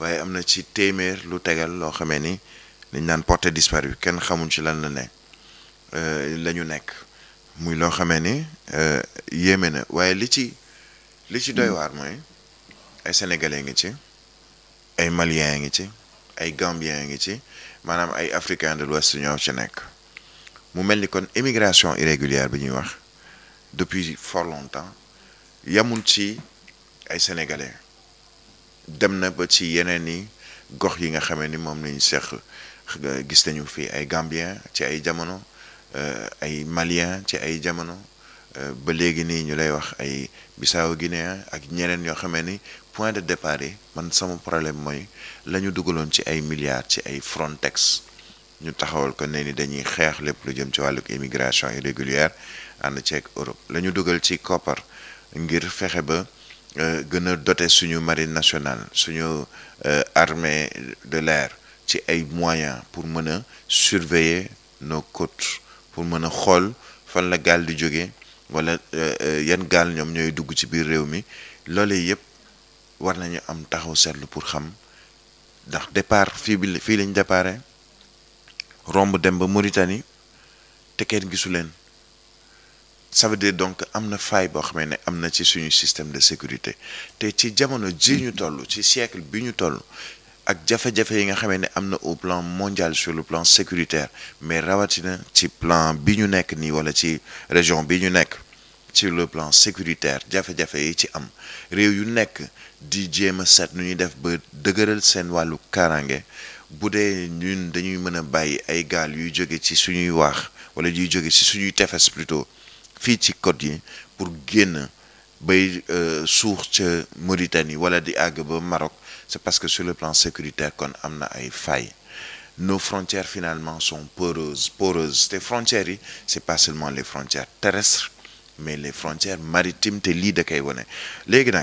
waaye am na ci téeméer lu tegal loo xamee ni liñ qui porté disparu kenn ci lan la ne euh, la ñu nekk muy loo xamee ni euh, yéeme li ci li ci doy sénégalais maliens gambiens africains de l'ouest ñoo ci nekk mu immigration irrégulière depuis fort longtemps yamul ci ay sénégalais dem na ba ci yeneen i gox yi nga xamee ni moom lañu seq gis nañu fi ay Gambien ci ay jamono euh, ay Malien ci ay jamono euh, ba léegi nii ñu lay wax ay Bissau Guinéen ak ñeneen yoo xamee ni point de départ yi man sama problème mooy la ñu dugaloon ci ay milliards ci ay Frontex ñu taxawal ko ne ni dañuy xeex lépp lu jëm ci wàllu wàllug immigration irrégulière ànd ceeg Europe la ñu dugal ci koppar ngir fexe ba Euh, gëna doté suñu marine nationale suñu euh, armée de l'air ci ay moyens pour mëna surveiller nos côtes pour mëna xol fan la gal di joggé wala euh, yan gal ñom ñoy dugg ci biir réew mi loole yëpp war nañu am taxaw sétlu pour xam ndax départ fi bi lañ déparé romb dem ba Mauritanie té kenn gisu ça veut dire donc amna na bo boo amna ci suñu système de sécurité té ci jamono ji ñu toll ci siècle bi ñu toll ak jafé jafé yi nga xamee amna au plan mondial sur le plan sécuritaire mais rawatina ci plan bi ñu ni nii walla ci région bi ñu nekk sur le plan sécuritaire jafé jafé yi ci am réew yu nek di jéem set nu ñuy def ba dëgëral seen walu karangé bu ñun dañuy mëna a ay gal yu joggé ci suñuy wax wala yu joggé ci suñuy tefes plutôt pour guen bay euh, Mauritanie wala di Maroc c'est parce que sur le plan sécuritaire qu'on Amna ay failles nos frontières finalement sont poreuses poreuses tes frontières c'est pas seulement les frontières terrestres mais les frontières maritimes te li da kay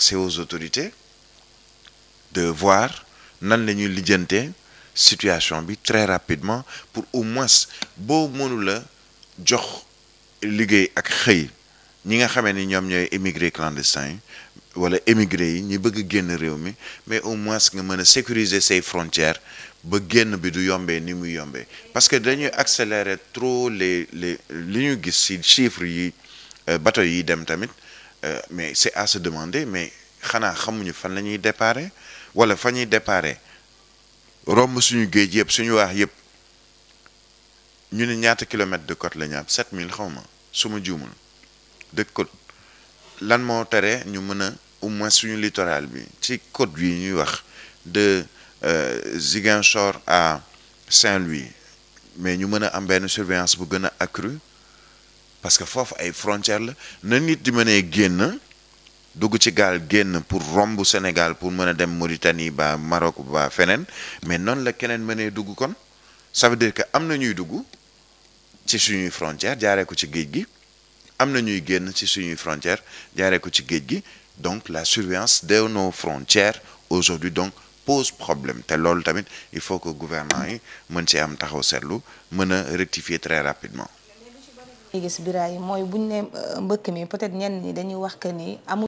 c'est aux autorités de voir nan les ñuy situation très rapidement pour au moins beau mënu la jox liggéey ak xey ñi nga xamé ni ñom ñoy émigré clandestin wala émigrer ñi bëgg génn réew mi mais au moins nga mëna sécuriser ses frontières ba génn bi du yombé ni muy yombé parce que dañuy accélérer trop les les li ñu gis ci chiffres yi euh, bateau yi dem tamit euh, mais c'est à se demander mais xanaa xamuñu fan lañuy déparer wala fañuy déparer déparé romb suñu géej suñu wax yëpp ñu ne ñaata kilomètre de côte la ñu am 7000 xaw ma su ma juumul de côte lan moo tere ñu mën a au moins suñu littoral bi ci côte bi ñuy wax de euh, Ziguinchor à Saint-Louis mais ñu mën a am benn surveillance bu gën a accrue parce que foofu ay frontière la na nit di mënee génn dugg ci gaal génn pour romb Sénégal pour mën a dem Mauritanie ba Maroc ba feneen mais noonu la keneen mënee dugg kon ça veut dire que am na ñuy dugg ci suñuy frontière jaaree ko ci géej gi am na ñuy génn ci suñuy frontière jaaree ko ci géej gi donc la surveillance de nos frontières aujourd'hui donc pose problème te loolu tamit il faut que gouvernement yi mën ci am taxaw seetlu mën a rectifier très rapidement. gis biraay mooy buñ ne euh, mbëkk mi peut-être ñenn ñi dañuy wax que ni amul.